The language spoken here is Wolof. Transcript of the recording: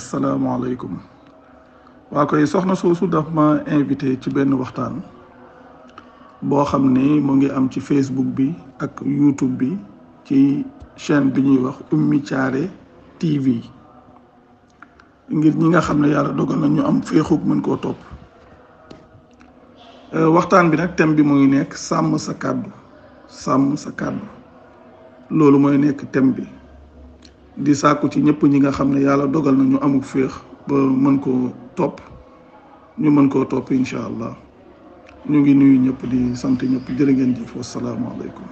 asalaamaaleykum waa koy soxna soosu daf ma invité ci benn waxtaan boo xam ni mu ngi am ci Facebook bi ak YouTube bi ci chaîne bi ñuy wax Oumy caare TV ngir ñi nga xam ne yàlla dogal na ñu am féexug mën koo topp euh, waxtaan bi nag thème bi mu ngi nekk sàmm sa kàddu sàmm sa kàddu loolu mooy nekk tem bi di sàkku ci ñëpp ñi nga xam ne yàlla dogal na ñu amuk féex ba mën koo topp ñu mën koo topp incha allah ñu ngi nuyu ñëpp di sant ñëpp jërë ngeen jëf wasalaamualeykum